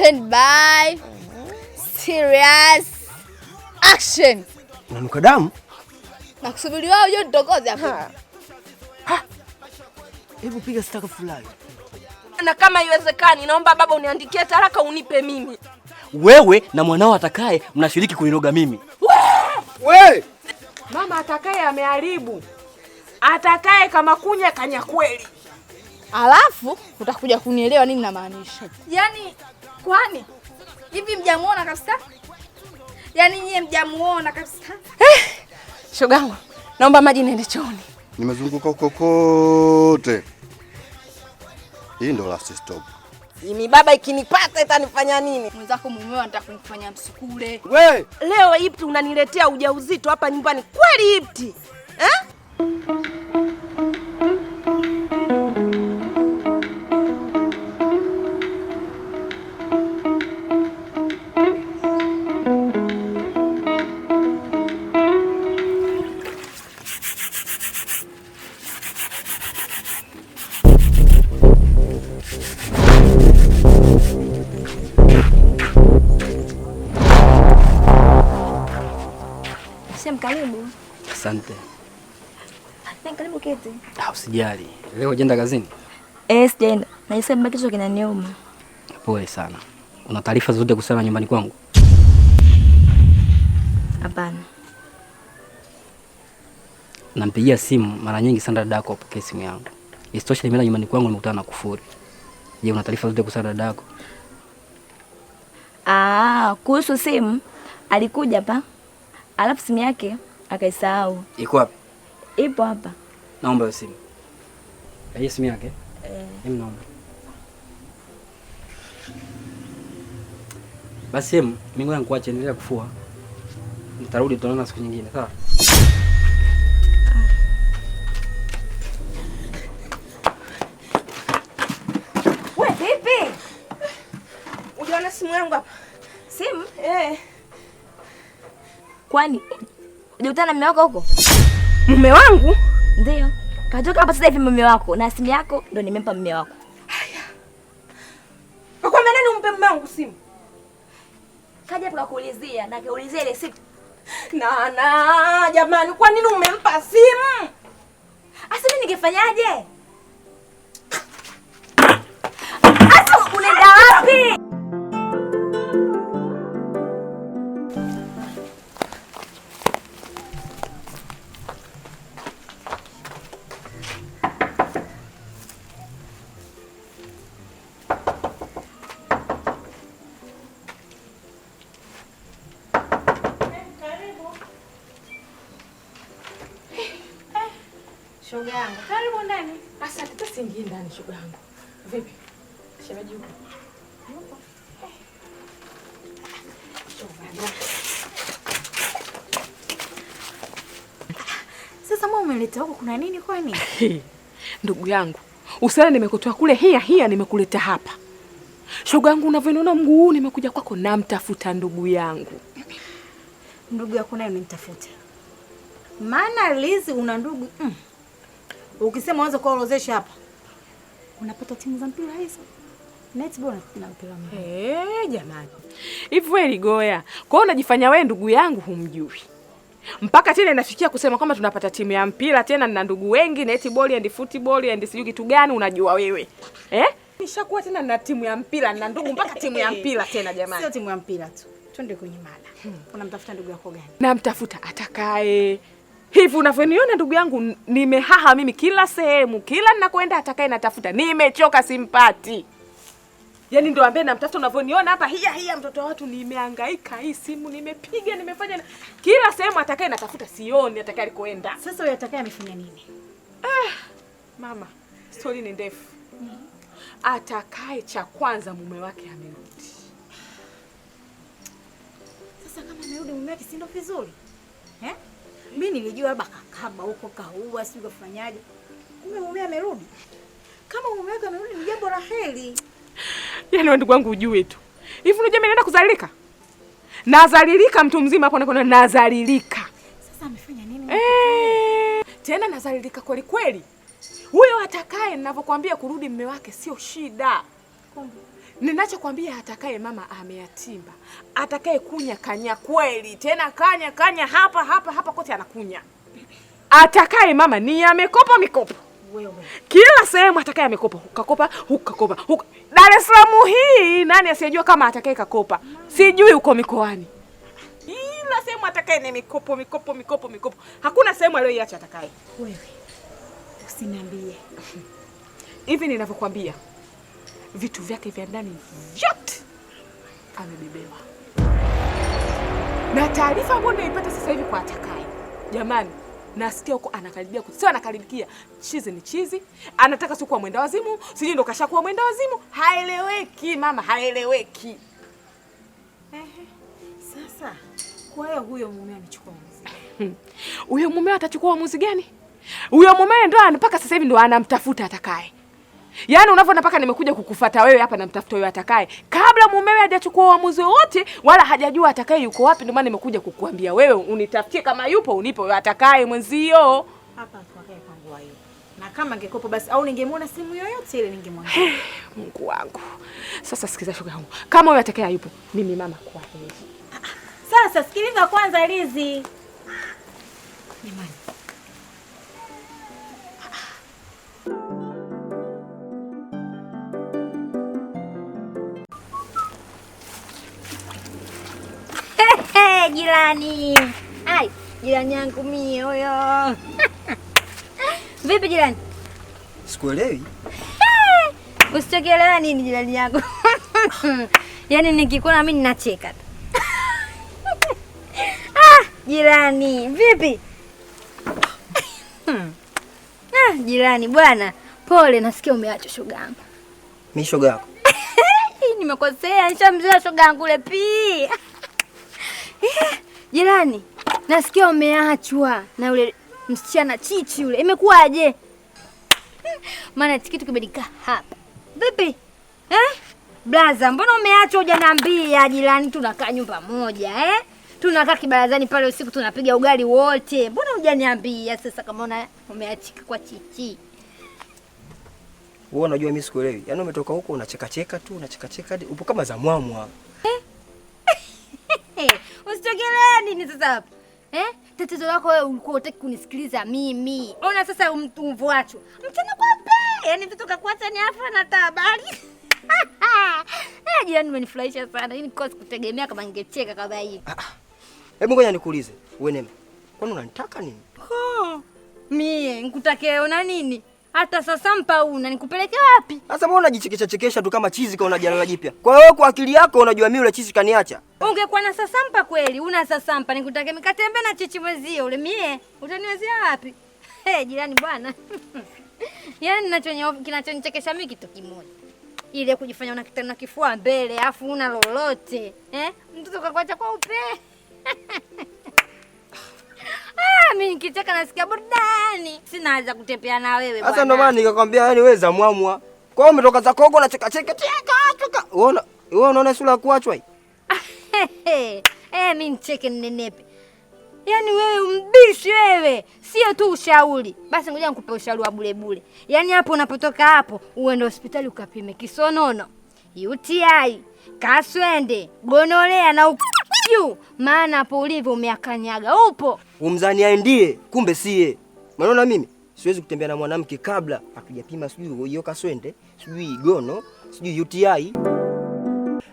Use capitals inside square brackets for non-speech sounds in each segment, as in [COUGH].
Stand by. Serious. Action. Nanuka damu. Nakusubiri wao hiyo ndogozi hapo. Hebu piga staka fulani. Na kama iwezekani, naomba baba uniandikie taraka unipe mimi. Wewe na mwanao atakaye mnashiriki kuniroga mimi. We! Mama atakaye ameharibu. Atakaye kama kunya kanya kweli. Alafu utakuja kunielewa nini namaanisha. Yaani Kwani hivi mjamuona kabisa? Yaani nyie mjamuona kabisa? Eh, shogangu, naomba maji niende chooni. Nimezunguka kote, Hii ndo last stop. Imi baba ikinipata itanifanya nini? Mwenzako mumeo anataka kunifanya msukule. We! Leo Ipti unaniletea ujauzito hapa nyumbani kweli Ipti? Eh? Shem, karibu. Asante. Karibu Ah, Usijali. Leo hujaenda kazini? Eh, sijaenda. Najisikia mbona kichwa kinaniuma. Pole sana. Una taarifa zote kusema na nyumbani kwangu? Hapana. Nampigia simu mara nyingi sana dada yako apokee simu yangu. Isitoshe nimeenda nyumbani kwangu nimekutana na kufuri. Je, una taarifa zote kuhusiana dada yako? Ah, kuhusu simu alikuja hapa alafu simu yake akaisahau. Iko wapi? Ipo hapa. Naomba hiyo simu. Hiyo simu yake? Eh. Mimi naomba. Basi hem, mimi ngoja nikuache, endelea kufua. Nitarudi, tutaonana siku nyingine, sawa? Ah. Wewe vipi? Unaona simu yangu hapa? Simu? Eh. Kwani hujakutana na mume wako huko? Mume wangu? Ndio. Katoka hapa sasa hivi mume wako na simu yako ndo nimempa mume wako. Haya. Kakwambia nani umpe mume wangu simu? Kaja hapa kukuulizia na kuulizia ile siku. Na na jamani, kwa nini umempa simu? Asa mimi ningefanyaje? Asa unaenda wapi? jamani, shoga yangu. Vipi? Shemeji yuko? Yuko. Sasa mwa umeleta huko kuna nini kwani? Ndugu yangu, usiana nimekutoa kule hia hia, nimekuleta hapa. Shoga yangu unavyoniona mguu huu nimekuja kwako namtafuta ndugu yangu. Ndugu yako naye unimtafuta. Maana Lizi una ndugu. Mm. Ukisema uanze kuorozesha hapa unapata timu za mpira hizo netball na mpira mpira. Hey, Eh, jamani hivi wewe ligoya, kwa hiyo unajifanya wewe ndugu yangu humjui mpaka tena inafikia kusema kwamba tunapata timu ya mpira tena na ndugu wengi netball and football and sijui kitu gani, unajua wewe eh? Nishakuwa tena na timu ya mpira na ndugu mpaka timu ya mpira tena. Jamani, sio timu ya mpira tu, twende kwenye mada. Unamtafuta ndugu yako gani? Namtafuta atakaye eh. Hivi unavyoniona ndugu yangu, nimehaha mimi kila sehemu, kila ninakwenda, atakaye natafuta, nimechoka, simpati. Yaani ndo ambaye namtafuta, unavyoniona hapa, hia hia, mtoto wa watu, nimehangaika, hii simu nimepiga, nimefanya na... kila sehemu, atakaye natafuta sioni, atakaye alikoenda. Sasa huyo atakaye amefanya nini? Ah, mama, stori ni ndefu. Mm-hmm. Atakaye cha kwanza, mume wake amerudi. Sasa kama amerudi mume wake, si ndo vizuri eh? Mimi nilijua labda kakaba huko kaua, sijui kafanyaje, kumbe mume amerudi. Kama mume wake amerudi ni jambo la heri. Yaani ndugu wangu ujue tu hivi, unajua mimi naenda kuzalilika, nazalilika mtu mzima hapo napo, nazalilika. Sasa amefanya nini? Eh. tena nazalilika kweli kweli. Huyo atakaye ninavyokuambia kurudi mume wake sio shida kumbe. Ninachokwambia, atakaye mama ameyatimba, atakaye kunya kanya kweli, tena kanya kanya hapa hapa hapa kote anakunya. Atakaye mama ni amekopa mikopo wewe. Kila sehemu atakaye amekopa, kakopa hukakopa huka. Dar es Salaam hii nani asiyejua kama atakaye kakopa? Sijui uko mikoani, ila sehemu atakaye ni mikopo mikopo mikopo mikopo, hakuna sehemu aliyoiacha atakaye. Wewe usiniambie hivi ninavyokwambia vitu vyake vya ndani vyote amebebewa, na taarifa ambayo naipata sasa hivi kwa atakaye. Jamani, nasikia huko anakaribia, sio anakaribikia, chizi ni chizi, anataka si kuwa mwenda wazimu, sijui ndo kashakuwa mwenda wazimu, haeleweki mama, haeleweki. Ehe, sasa kwa hiyo huyo mume anachukua mzigo, hmm. huyo mume atachukua uamuzi gani? Huyo mume ndo mpaka sasa hivi ndo anamtafuta atakaye Yaani unavyoona mpaka nimekuja kukufata wewe hapa, namtafuta wewe atakaye, kabla mumewe hajachukua uamuzi wote wala hajajua atakaye yuko wapi. Ndio maana nimekuja kukuambia wewe unitafutie, kama yupo unipe wewe atakaye mwenzio hapa atakaye na kama angekopo basi au ningemwona simu yoyote ile ningemwona. Mungu wangu. Sasa sikiza shoga yangu. Kama wewe atakaye yupo, mimi mama kwa hivi. Ah, ah. Sasa sikiliza kwanza Lizi. Jamani. jirani. Ai, jirani yangu mie huyo. [LAUGHS] Vipi jirani? Sikuelewi. Usichokielewa nini jirani yangu? [LAUGHS] Yaani nikikuona mimi ninacheka tu. [LAUGHS] Ah, jirani, vipi? Ah, jirani bwana, pole nasikia umeacha shoga yangu. Mimi shoga yako. Nimekosea, nishamzoea shoga yangu lepi. Jirani, nasikia umeachwa na ule msichana chichi ule, imekuwaje? [LAUGHS] maana kitu kimedika hapa vipi eh? Blaza, mbona umeachwa hujaniambia? Jirani, tunakaa nyumba moja eh? tunakaa kibarazani pale usiku tunapiga ugali wote, mbona hujaniambia? Sasa kama una umeachika kwa chichi wewe, unajua mimi sikuelewi. Yaani umetoka huko unachekacheka tu unachekacheka, upo kama za mwamwa Usitokele nini sasa hapa? Eh? Tatizo lako wewe ulikuwa unataka kunisikiliza mimi. Ona sasa umtumvu Mchana kwa pe. Yaani vitu kakuacha ni afa na tabari. [LAUGHS] Eh, jirani umenifurahisha sana. Yaani kwa sikutegemea kama ningecheka kama hii. Ah. ah. Hebu ngoja nikuulize. Wewe neme. Kwani unanitaka nini? Oh. Mie, nikutake una nini? Hata sasa mpa una nikupeleke wapi? Sasa mbona unajichekesha chekesha tu kama chizi kaona jalala jipya. Kwa hiyo kwa akili yako unajua mimi ule chizi kaniacha. Ungekuwa na sasa mpa kweli, una sasa mpa nikutake mikatembe na chichi mwezio ule mie. Utaniwezea wapi? [LAUGHS] Hey, jirani bwana. [LAUGHS] Yaani ninachonyo kinachonichekesha mimi kitu kimoja. Ile kujifanya una kitana kifua mbele afu una lolote. Eh? Mtoto kakwacha kwa upe. [LAUGHS] nikicheka nasikia burudani, sinaweza kutembea na wewe. bwana. Sasa ndio maana nikakwambia, yani wewe zamwamwa. Kwa hiyo umetoka za kogo na cheka cheka cheka, Uona wewe, unaona sura kuachwa hii. [LAUGHS] Eh, mimi nicheke nenepe. Yaani wewe umbishi wewe, sio tu ushauri. Basi ngoja nikupe ushauri wa bure bure. Yaani hapo unapotoka hapo, uende hospitali ukapime kisonono, UTI, kaswende, gonorea na uku juu, maana hapo ulivyo umeakanyaga upo. Umzania ndiye kumbe siye. Unaona mimi siwezi kutembea na mwanamke kabla hatujapima sijui hiyo kaswende, sijui igono, sijui UTI.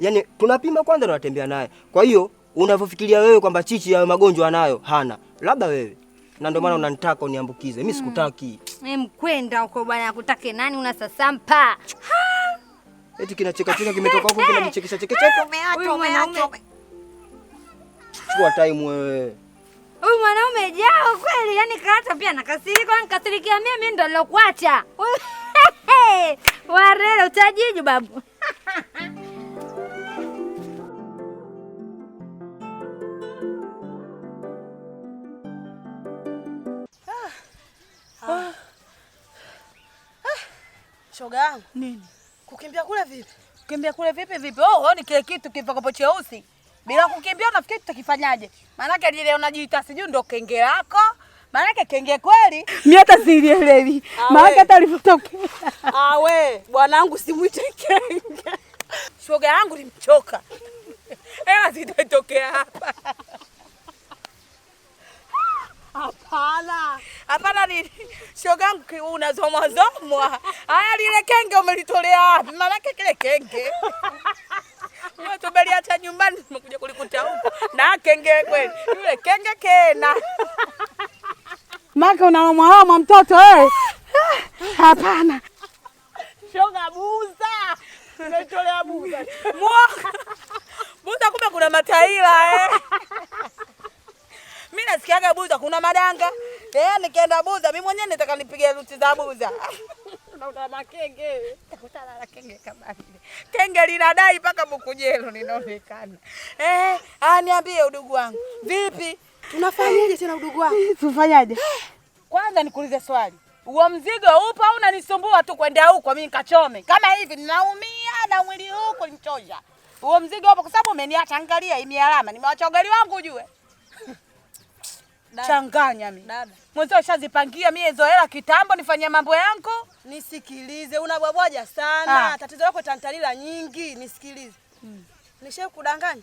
Yaani tunapima kwanza na natembea naye. Kwa hiyo unavyofikiria wewe kwamba Chichi ya magonjwa anayo hana, labda wewe na ndio maana mm. unanitaka uniambukize. Mimi mm. sikutaki. Mimi eh, mkwenda uko bwana, akutake nani? Una sasampa eti kinachekacheka kimetoka huko, kinajichekesha chekecheka. Chukua time wewe. Huyu mwanaume jao kweli, yani kaata pia nakasirika, nikasirikia mimi mimi ndo nilokuacha. [LAUGHS] Warele utajiju babu. Shoga yangu. Nini? Kukimbia kule vipi? Kukimbia kule vipi vipi? Oh, ni kile kitu kivakapo cheusi bila kukimbia unafikiri tutakifanyaje? Maanake lile unajiita sijui ndo kenge lako, maanake kenge kweli mimi hata sielewi, maanake hata alivyotokea awe bwanangu, simwite kenge, shoga yangu limchoka ela zitatokea hapa. Hapana, hapana, ni shoga yangu, unazomwazomwa. Haya, lile kenge umelitolea wapi? Maanake kile kenge kenge kweli. Yule kenge kena. Maka unamwaloma mtoto wewe. Eh? Hapana. Shoga buza. Umetolea buza. Mwa. Buza kumbe kuna mataila eh. Mimi nasikiaga buza kuna madanga. Eh, nikienda buza mimi mwenyewe nitaka nipige ruti za buza. Na una makenge. Talala kenge kama vile kenge linadai mpaka Bukujelo linaonekana. Eh, ah, niambie udugu wangu, vipi? Tunafanyaje tena udugu wangu? [LAUGHS] Tufanyaje? Kwanza nikuulize swali, uo mzigo upo au unanisumbua tu kwenda huko mimi nikachome kama hivi? Ninaumia na mwili huu kunichosha. Uo mzigo upo kwa sababu umeniacha, angalia hii alama, wangu ujue [LAUGHS] changanya mi mwenzio ushazipangia mi hizo hela kitambo, nifanyia mambo yangu. Nisikilize, unabwabwaja sana, ah. tatizo lako tantalila nyingi. Nisikilize hmm. nishe kudanganya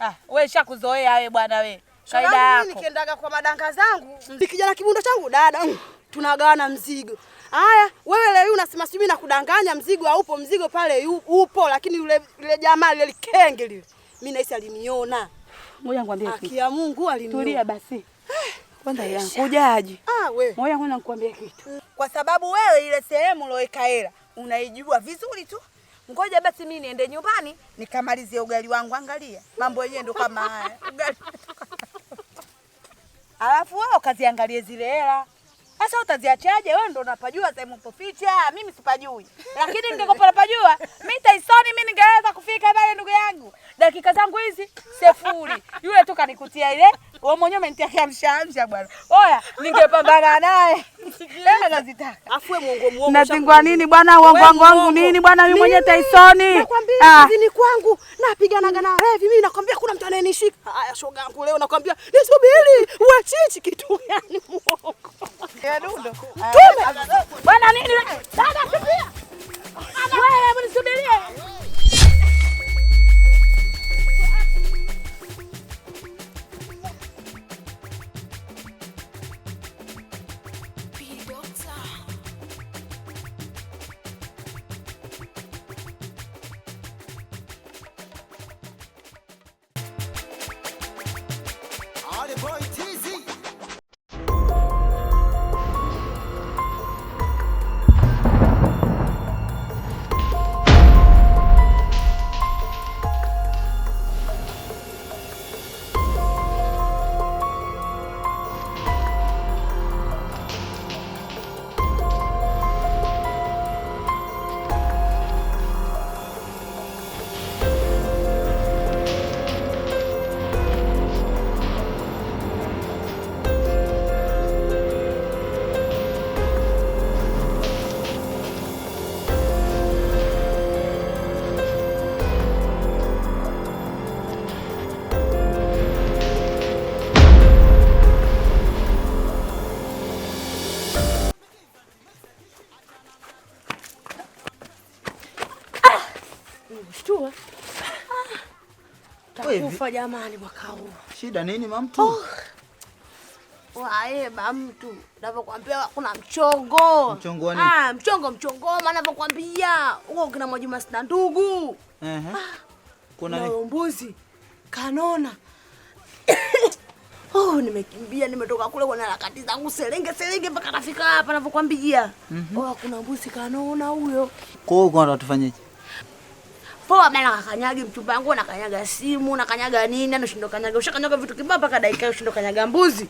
ah, we shakuzoea we bwana we kaida yako. Nikiendaga kwa madanga zangu hmm. nikijana kibundo changu dada mm. tunagawana mzigo Haya, wewe leo unasema sijui kudanganya mzigo haupo. Mzigo pale upo, lakini yule yule jamaa lile likenge lile, mimi nahisi aliniona. Ngoja ngwambie kitu. Akia Mungu aliniona. Tulia basi. Kwanza yangu kujaji. Ah we. Moyo wangu nakwambia kitu. Mm. Kwa sababu wewe ile sehemu loweka hela unaijua vizuri tu. Ngoja basi mimi niende nyumbani nikamalizie ugali wangu. Angalia mambo yenyewe ndo kama haya. [LAUGHS] Ugali. Alafu wao kaziangalie zile hela. Sasa utaziachaje? Wewe ndo unapajua sehemu poficha, ah, mimi sipajui. Lakini ningekopa napajua, mimi taisoni mimi ningeweza kufika pale ndugu yangu dakika zangu hizi sefuri. Yule tu kanikutia ile wewe mwenyewe umenitia kiamsha amsha bwana. Oya, ningepambana naye. Tena nazitaka. Afu wewe muongo muongo. Nazingwa nini bwana? Uongo wangu wangu nini bwana? Mimi mwenyewe Tyson. Nakwambia hivi ah. ni kwangu. Napiganaga na Revi. Mimi nakwambia kuna mtu anayenishika. Haya shoga yangu leo nakwambia nisubiri. Uwe chichi kitu yani muongo. Ya eh, dundo. Tume. Bwana nini? Dada kimbia. Wewe mnisubirie. Nimekufa jamani, mwaka huu. Shida nini mamtu? Oh. Waeba mtu navyokwambia, kuna mchongo mchongo, ah, mchongo maana navyokwambia huko kina Mwajuma sina ndugu uh-huh. kuna mbuzi kanona [COUGHS] Oh, nimekimbia nimetoka kule kwa harakati zangu Serenge Serenge mpaka nafika hapa navyokwambia. mm -hmm. Oh, kuna mbuzi kanona huyo. Kwa hiyo kwa tutafanyaje? poa bana, kakanyagi mchumba wangu nakanyaga simu nakanyaga nini, anashindo kanyaga, ushakanyaga vitu kibao mpaka dakika ushindo kanyaga mbuzi.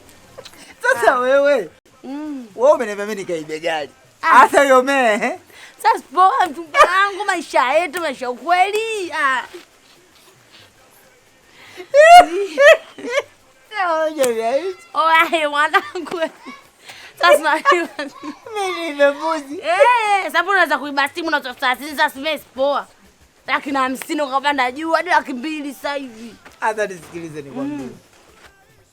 Sasa ah. wewe mm, umeniambia mimi nikaibe gari ah. hasa hiyo mee. Eh? Sasa poa mchumba wangu, maisha yetu maisha ukweli ah. Sasa eh, unaweza kuiba simu na sasa, sasa sipoa laki na hamsini ukapanda juu hadi laki mbili sasa hivi. Hata nisikilize nikwambie mm.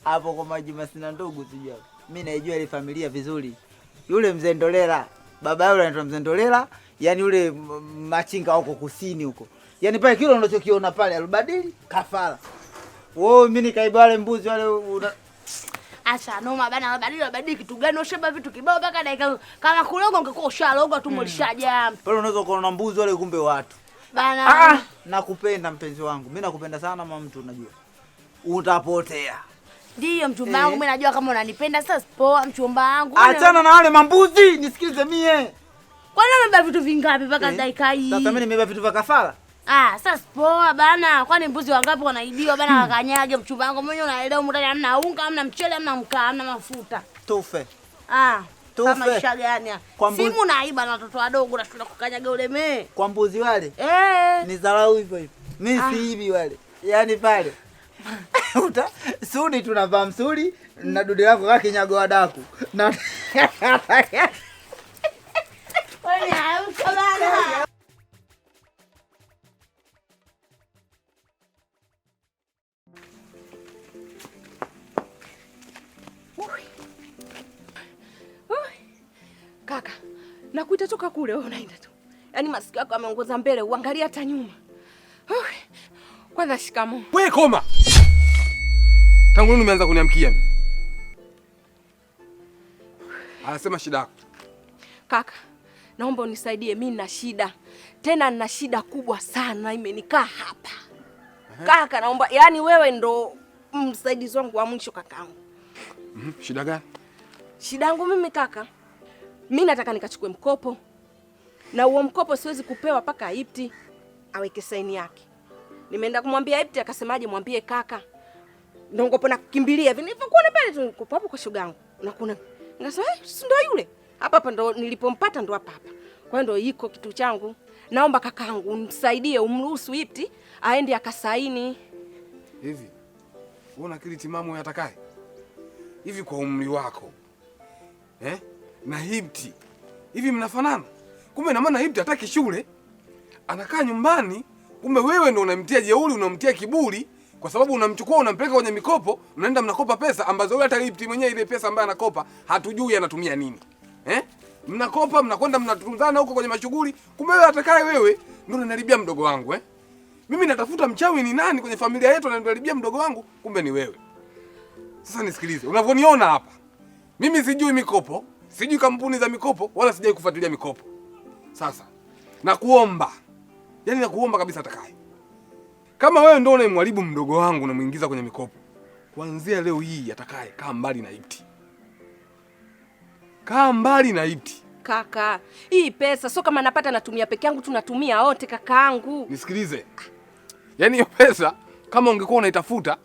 hapo, kwa maji masina ndugu, sijua mi naijua ile familia vizuri. Yule Mzendolela baba yule anaitwa Mzendolela, yani yule machinga wako kusini huko, yani pale kilo unachokiona pale alubadili kafara wo mi nikaiba wale mbuzi wale una... Acha noma bana, wabadili wabadili kitu gani? Usheba vitu kibao mpaka dakika kama kulogo, ungekuwa ushaloga tu, mm. mlishaja pale. Unaweza ukaona mbuzi wale, kumbe watu Bana. Ah, ah, nakupenda mpenzi wangu. Mimi nakupenda sana mama mtu unajua. Utapotea. Ndiyo mchumba wangu, mimi eh. najua kama unanipenda sasa. Poa mchumba wangu. Achana na wale mambuzi, nisikilize mie. nini umebeba vitu vingapi mpaka eh. dakika hii? Sasa mimi nimebeba vitu vya kafara. Ah, sasa poa bana. Kwani mbuzi wangapi wanaibiwa bana hmm. Wakanyage mchumba wangu, mwenye unaelewa mtani, hamna unga, hamna mchele, hamna mkaa, hamna mafuta. Tufe. Ah tufe. Kama maisha gani? Simu na na watoto wadogo na shule kukanyaga ulemee. Kwa mbuzi wale? Eh. Ni dharau hivyo hivyo. Mimi ah, wale. Yaani pale. [LAUGHS] Uta suni tunavaa msuri na dude lako kama kinyago wa daku. Na [LAUGHS] na kuita toka kule, wewe unaenda tu, yaani masikio yako yameongoza mbele, uangalia hata nyuma. Kwanza shikamo. We koma! Tangu lini umeanza kuniamkia mimi? Anasema shida yako kaka, naomba unisaidie, mi na shida tena, nina shida kubwa sana, imenikaa hapa kaka. Naomba yaani, wewe ndo msaidizi wangu wa mwisho kakaangu. mm -hmm. Shida gani? Shida yangu mimi kaka mimi nataka nikachukue mkopo na huo mkopo siwezi kupewa mpaka Ipti aweke saini yake. Nimeenda kumwambia Ipti, akasemaje? Mwambie kaka ndongopo na kukimbilia vile nilivyokuwa na pale tulikopo hapo kwa shogangu, na kuna ngasema eh, si ndo yule hapa hapa, ndo nilipompata ndo hapa hapa. Kwa hiyo ndo iko kitu changu, naomba kakaangu msaidie, umruhusu Ipti aende akasaini. Hivi wewe una akili timamu yatakaye hivi kwa umri wako eh? na Hibti hivi mnafanana? Kumbe na maana Hibti hataki shule, anakaa nyumbani. Kumbe wewe ndio unamtia jeuri, unamtia kiburi, kwa sababu unamchukua unampeleka kwenye mikopo, unaenda mnakopa pesa ambazo wewe hata Hibti mwenyewe ile pesa ambayo anakopa hatujui anatumia nini eh? Mnakopa, mnakwenda mnatunzana huko kwenye mashughuli, kumbe wewe atakaye wewe ndio unanaribia mdogo wangu eh? Mimi natafuta mchawi ni nani kwenye familia yetu ananiharibia mdogo wangu, kumbe ni wewe. Sasa nisikilize, unavyoniona hapa, mimi sijui mikopo sijui kampuni za mikopo wala sijai kufuatilia mikopo. Sasa nakuomba, yaani nakuomba kabisa, atakaye kama wewe ndio unaimwaribu mdogo wangu unamuingiza kwenye mikopo, kuanzia leo hii atakaye kaa mbali na Ipti, kaa mbali na Ipti. Kaka, hii pesa sio kama napata natumia peke yangu tu, natumia wote kakaangu. Nisikilize, yaani hiyo pesa kama ungekuwa unaitafuta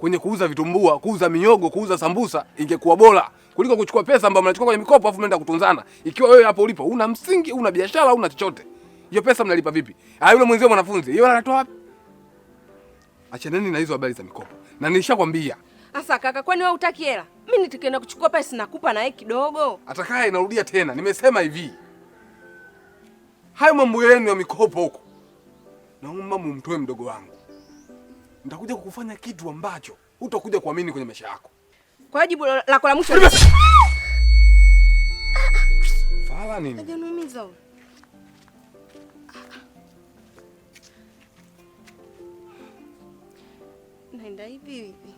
kwenye kuuza vitumbua, kuuza miogo, kuuza sambusa ingekuwa bora kuliko kuchukua pesa ambayo mnachukua kwenye mikopo afu mnaenda kutunzana. Ikiwa wewe hapo ulipo una msingi, una biashara, una chochote. Hiyo pesa mnalipa vipi? Ah, yule mwenzio mwanafunzi, hiyo anatoa wapi? Achaneni na hizo habari za mikopo. Na nilishakwambia. Asa kaka, kwani wewe hutaki hela? Mimi nitakwenda kuchukua pesa nakupa na yeye kidogo. Atakaye narudia tena. Nimesema hivi. Hayo mambo yenu ya mikopo huko. Naomba mumtoe mdogo wangu nitakuja kukufanya kitu ambacho utakuja kuamini kwenye maisha yako. Kwa jibu lako la mwisho. Fala nini? Hajaniumiza wewe. Naenda hivi hivi.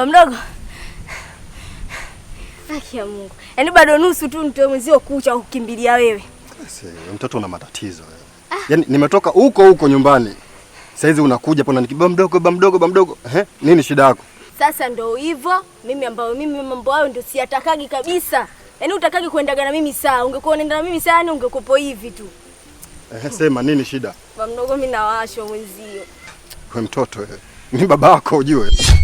Ba mdogo. Haki ya Mungu. Yaani bado nusu tu mtoe mwenzio kucha ukimbilia wewe. Mtoto una matatizo wewe. Ah. Yaani nimetoka huko huko nyumbani. Saizi unakuja pona nikiba mdogo ba mdogo ba mdogo. Eh? Nini shida yako? Sasa ndo hivyo mimi ambayo mimi mambo hayo ndo siyatakagi kabisa. Yaani utakagi kuendaga na mimi saa, ungekuwa unaenda na mimi saa yani ungekupo hivi tu. Eh, sema nini shida? Ba mdogo mimi nawashwa mwenzio. Wewe mtoto eh. Ni babako ujue.